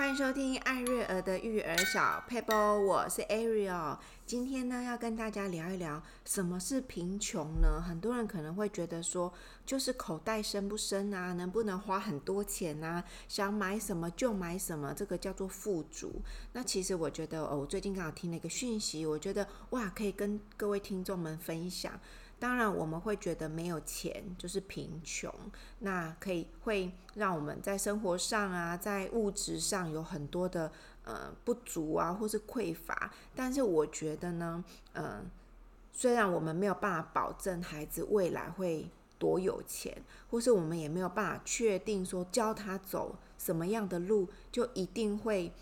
歡迎收聽艾瑞兒的育兒小佩波，我是 Ariel。今天呢，要跟大家聊一聊什麼是貧窮呢？很多人可能會覺得說，就是口袋深不深啊，能不能花很多錢啊，想買什麼就買什麼，這個叫做富足。那其實我覺得，哦，我最近剛好聽了一個訊息，我覺得哇，可以跟各位聽眾們分享。當然，我們會覺得沒有錢就是貧窮，那可以會讓我們在生活上啊，在物質上有很多的呃不足啊，或是匱乏。但是我覺得呢，嗯、呃，雖然我們沒有辦法保證孩子未來會多有錢，或是我們也沒有辦法確定說教他走什麼樣的路就一定會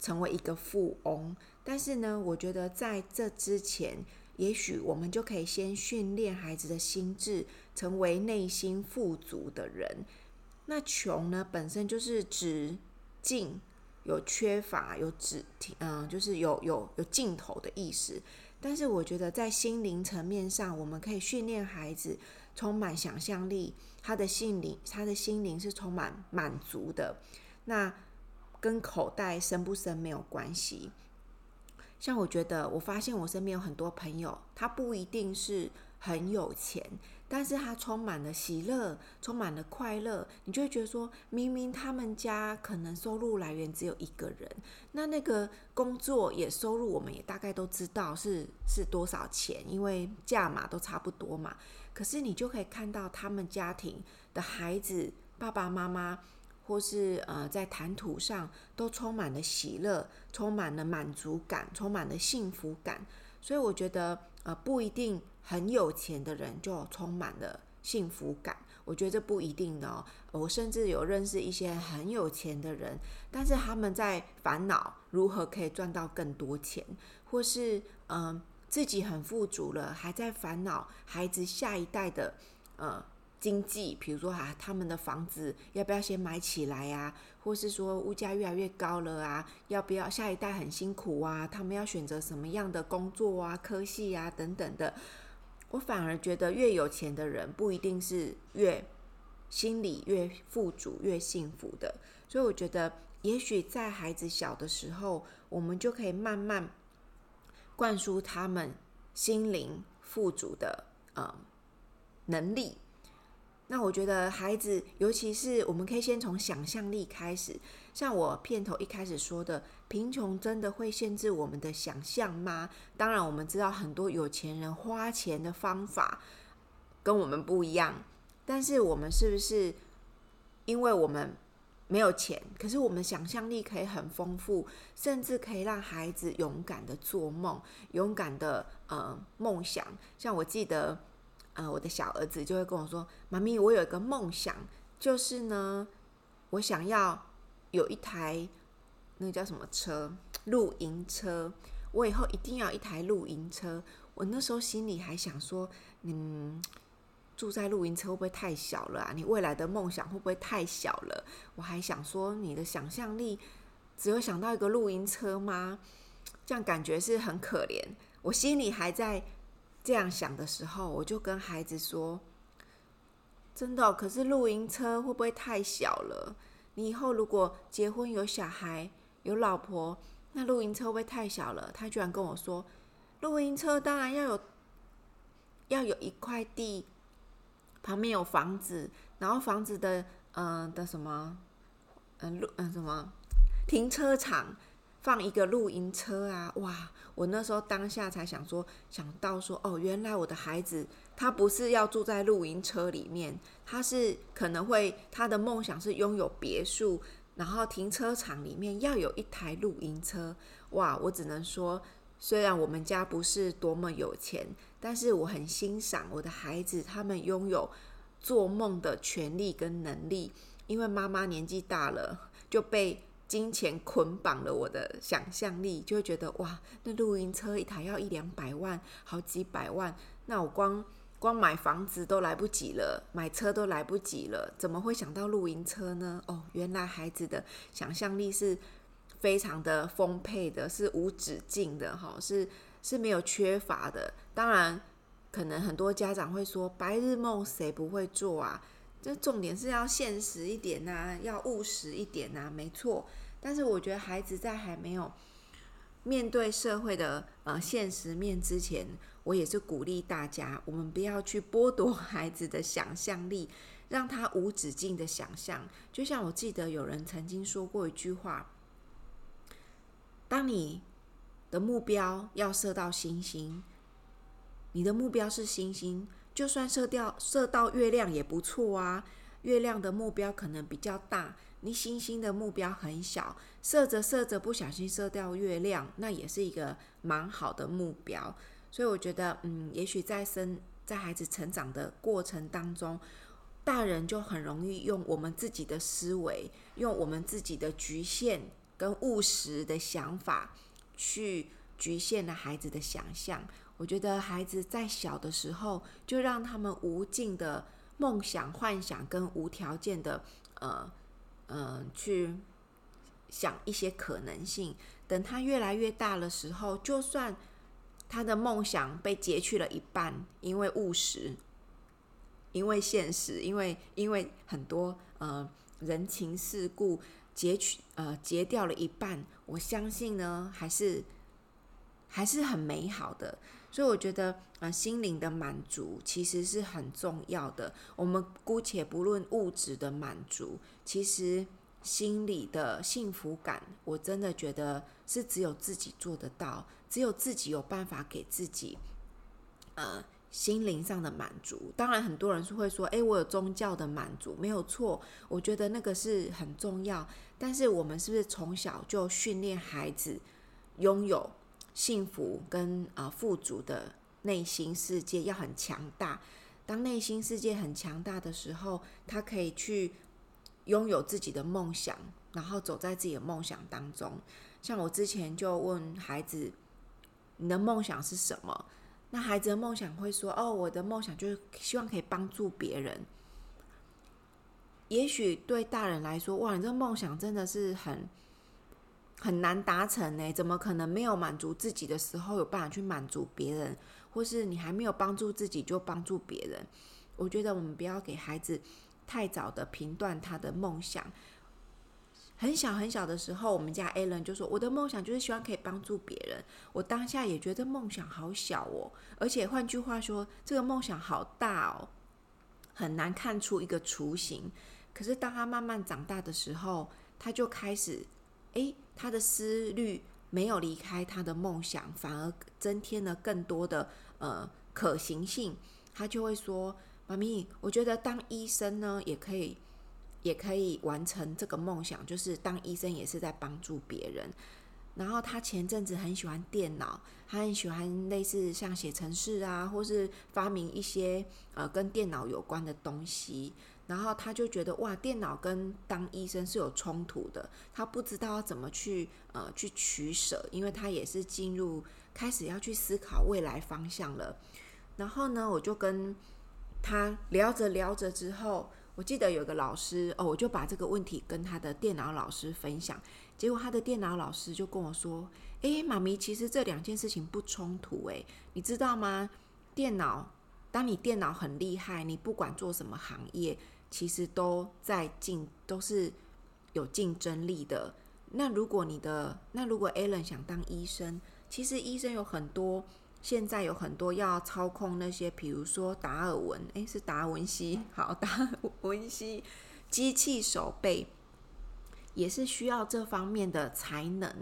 成為一個富翁，但是呢，我覺得在這之前。也許我們就可以先訓練孩子的心智，成為內心富足的人。那窮呢，本身就是止境，有缺乏，有止嗯、呃，就是有有有盡頭的意思。但是我覺得，在心靈層面上，我們可以訓練孩子充滿想象力，他的心靈，他的心靈是充滿滿足的。那跟口袋深不深沒有關係。像我覺得，我發現我身邊有很多朋友，他不一定是很有錢，但是他充滿了喜樂，充滿了快樂，你就會覺得說，明明他們家可能收入來源只有一個人，那那個工作也收入，我們也大概都知道是是多少錢，因為價碼都差不多嘛。可是你就可以看到他們家庭的孩子，爸爸媽媽。或是呃，在談吐上都充滿了喜樂，充滿了滿足感，充滿了幸福感。所以我覺得，呃，不一定很有錢的人就充滿了幸福感。我覺得這不一定哦，我甚至有認識一些很有錢的人，但是他們在煩惱如何可以賺到更多錢，或是嗯、呃，自己很富足了，還在煩惱孩子下一代的呃。經濟，比如說啊，他們的房子要不要先買起來呀？或是說，物價越來越高了啊，要不要下一代很辛苦啊？他們要選擇什麼樣的工作啊、科系啊等等的。我反而覺得，越有錢的人不一定是越心裡越富足、越幸福的。所以，我覺得，也許在孩子小的時候，我們就可以慢慢灌輸他們心靈富足的，呃，能力。那我覺得孩子，尤其是我們可以先從想象力開始。像我片頭一開始說的，貧窮真的會限制我們的想象嗎？當然，我們知道很多有錢人花錢的方法跟我們不一樣，但是我們是不是因為我們沒有錢，可是我們想象力可以很豐富，甚至可以讓孩子勇敢的做夢，勇敢的嗯、呃，夢想。像我記得。呃，我的小兒子就會跟我說：“媽咪，我有一個夢想，就是呢，我想要有一台那叫什麼車，露營車。我以後一定要一台露營車。我那時候心裡還想說，嗯，住在露營車會不會太小了啊？你未來的夢想會不會太小了？我還想說，你的想象力只有想到一個露營車嗎？這樣感覺是很可憐。我心裡還在。”這樣想的時候，我就跟孩子說：“真的哦，可是露營車會不會太小了？你以後如果結婚有小孩、有老婆，那露營車會不會太小了？”他居然跟我說：“露營車當然要有，要有一塊地，旁邊有房子，然後房子的嗯、呃、的什麼嗯路嗯什麼停車場。”放一個露營車啊！哇，我那時候當下才想說，想到說哦，原來我的孩子他不是要住在露營車裡面，他是可能會他的夢想是擁有別墅，然後停車場裡面要有一台露營車。哇，我只能說，雖然我們家不是多麼有錢，但是我很欣賞我的孩子他們擁有做夢的權利跟能力，因為媽媽年紀大了就被金錢捆綁了我的想象力，就會覺得哇，那露營車一台要一兩百萬，好幾百萬，那我光光買房子都來不及了，買車都來不及了，怎麼會想到露營車呢？哦，原來孩子的想象力是非常的豐沛的，是無止境的，哈，是是沒有缺乏的。當然，可能很多家長會說，白日夢誰不會做啊？這重點是要現實一點吶、啊，要務實一點吶、啊，沒錯。但是我覺得孩子在還沒有面對社會的呃現實面之前，我也是鼓勵大家，我們不要去剝奪孩子的想象力，讓他無止境的想象。就像我記得有人曾經說過一句話，當你的目標要射到星星，你的目標是星星。就算射掉，射到月亮也不錯啊！月亮的目標可能比較大，你星星的目標很小，射着射着不小心射掉月亮，那也是一個蠻好的目標。所以我覺得，嗯，也許在生在孩子成長的過程當中，大人就很容易用我們自己的思維、用我們自己的局限跟務實的想法，去局限了孩子的想象。我覺得孩子在小的時候，就讓他們無盡的夢想、幻想跟無條件的呃呃去想一些可能性。等他越來越大的時候，就算他的夢想被截去了一半，因為務實、因為現實、因為因為很多呃人情世故截取呃截掉了一半，我相信呢，還是還是很美好的。所以我覺得啊，心靈的滿足其實是很重要的。我們姑且不論物質的滿足，其實心理的幸福感，我真的覺得是只有自己做得到，只有自己有辦法給自己呃心靈上的滿足。當然，很多人是會說：“誒，我有宗教的滿足，沒有錯。”我覺得那個是很重要。但是，我們是不是從小就訓練孩子擁有？幸福跟啊富足的內心世界要很強大。當內心世界很強大的時候，他可以去擁有自己的夢想，然後走在自己的夢想當中。像我之前就問孩子：“你的夢想是什麼？”那孩子的夢想會說：“哦，我的夢想就是希望可以幫助別人。”也許對大人來說，哇，你這個夢想真的是很……很難達成呢，怎麼可能沒有滿足自己的時候，有辦法去滿足別人，或是你還沒有幫助自己就幫助別人？我覺得我們不要給孩子太早的評斷他的夢想。很小很小的時候，我們家 Allen 就說：“我的夢想就是希望可以幫助別人。”我當下也覺得夢想好小哦，而且換句話說，這個夢想好大哦，很難看出一個雛形。可是當他慢慢長大的時候，他就開始。誒，他的思慮沒有離開他的夢想，反而增添了更多的呃可行性。他就會說：“媽咪，我覺得當醫生呢，也可以，也可以完成這個夢想，就是當醫生也是在幫助別人。”然後他前陣子很喜歡電腦，他很喜歡類似像寫程式啊，或是發明一些呃跟電腦有關的東西。然後他就覺得哇，電腦跟當醫生是有衝突的，他不知道要怎麼去呃去取舍，因為他也是進入開始要去思考未來方向了。然後呢，我就跟他聊着聊着之後，我記得有個老師哦，我就把這個問題跟他的電腦老師分享，結果他的電腦老師就跟我說：“誒，媽咪，其實這兩件事情不衝突，誒，你知道嗎？電腦，當你電腦很厲害，你不管做什麼行業。”其實都在競，都是有競爭力的。那如果你的，那如果 Alan 想當醫生，其實醫生有很多，現在有很多要操控那些，比如說達爾文，哎，是達文西，好，達文西，機器手臂也是需要這方面的才能，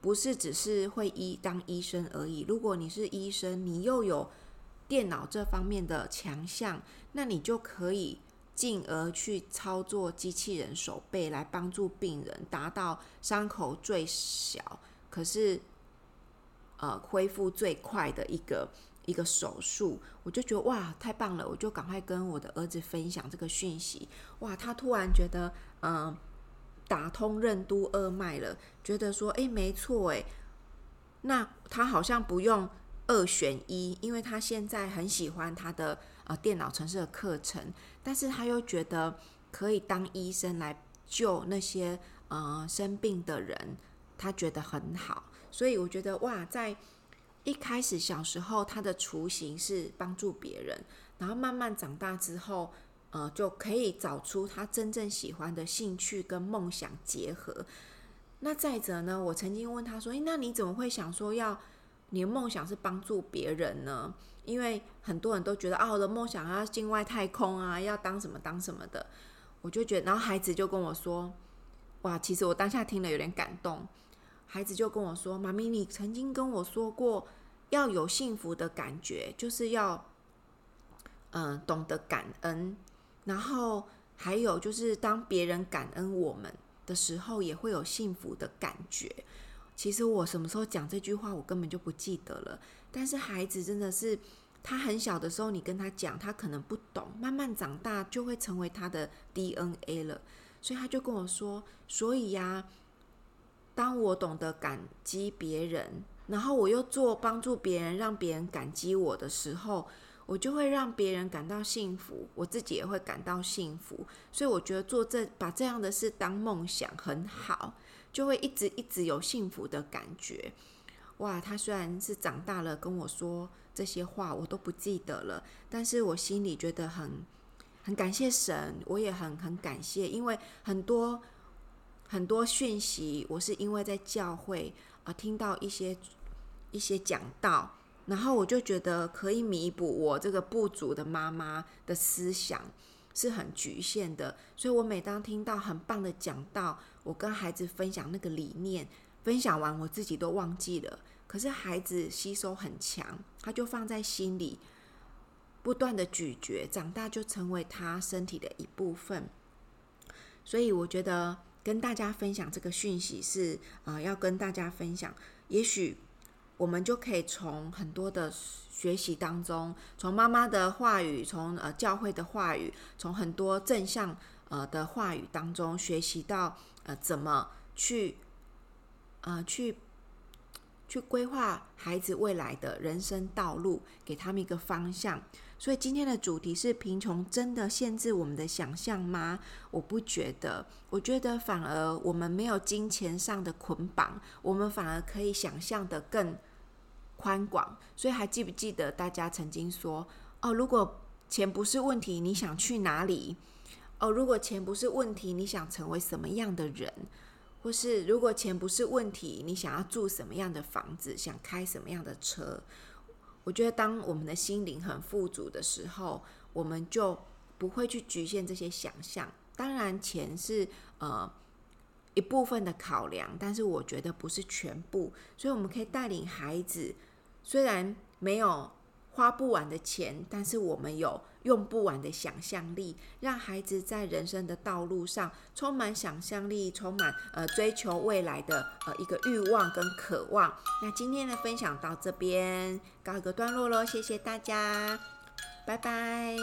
不是只是會醫當醫生而已。如果你是醫生，你又有電腦這方面的強項，那你就可以。進而去操作機器人手背來幫助病人達到傷口最小，可是呃恢復最快的一個一個手術，我就覺得哇太棒了，我就趕快跟我的兒子分享這個訊息，哇，他突然覺得嗯、呃、打通任督二脈了，覺得說誒，沒錯誒，那他好像不用。二選一，因為他現在很喜歡他的呃電腦程式的課程，但是他又覺得可以當醫生來救那些呃生病的人，他覺得很好。所以我覺得哇，在一開始小時候他的雛形是幫助別人，然後慢慢長大之後，呃就可以找出他真正喜歡的興趣跟夢想結合。那再者呢，我曾經問他說：“欸，那你怎麼會想說要？”你的夢想是幫助別人呢？因為很多人都覺得啊，我的夢想要進外太空啊，要當什麼當什麼的。我就覺得，然後孩子就跟我說：“哇，其實我當下聽了有點感動。”孩子就跟我說：“媽咪，你曾經跟我說過，要有幸福的感覺，就是要嗯、呃、懂得感恩，然後還有就是當別人感恩我們的時候，也會有幸福的感覺。”其實我什麼時候講這句話，我根本就不記得了。但是孩子真的是，他很小的時候你跟他講，他可能不懂；慢慢長大就會成為他的 DNA 了。所以他就跟我說：“所以呀，當我懂得感激別人，然後我又做幫助別人，讓別人感激我的時候，我就會讓別人感到幸福，我自己也會感到幸福。所以我覺得做這把這樣的事當夢想很好。”就會一直一直有幸福的感覺，哇！他雖然是長大了跟我說這些話，我都不記得了，但是我心裡覺得很很感謝神，我也很很感謝，因為很多很多訊息，我是因為在教會啊、呃、聽到一些一些講道，然後我就覺得可以彌補我這個不足的媽媽的思想。是很侷限的，所以我每當聽到很棒的講道，我跟孩子分享那個理念，分享完我自己都忘記了，可是孩子吸收很強，他就放在心裡，不斷的咀嚼，長大就成為他身體的一部分。所以我覺得跟大家分享這個訊息是啊、呃，要跟大家分享，也許。我們就可以從很多的學習當中，從媽媽的話語，從呃教會的話語，從很多正向呃的話語當中，學習到呃怎麼去，呃去，去規劃孩子未來的人生道路，給他們一個方向。所以今天的主題是貧窮真的限制我們的想象嗎？我不覺得，我覺得反而我們沒有金錢上的捆綁，我們反而可以想象得更寬廣。所以還記不記得大家曾經說：“哦，如果錢不是問題，你想去哪裡？”哦，如果錢不是問題，你想成為什麼樣的人？或是如果錢不是問題，你想要住什麼樣的房子？想開什麼樣的車？我覺得，當我們的心靈很富足的時候，我們就不會去局限這些想象。當然，錢是呃一部分的考量，但是我覺得不是全部。所以，我們可以帶領孩子，雖然沒有花不完的錢，但是我們有用不完的想象力，讓孩子在人生的道路上充滿想象力，充滿呃追求未來的呃一個欲望跟渴望。那今天的分享到這邊告一個段落嘍，謝謝大家，拜拜。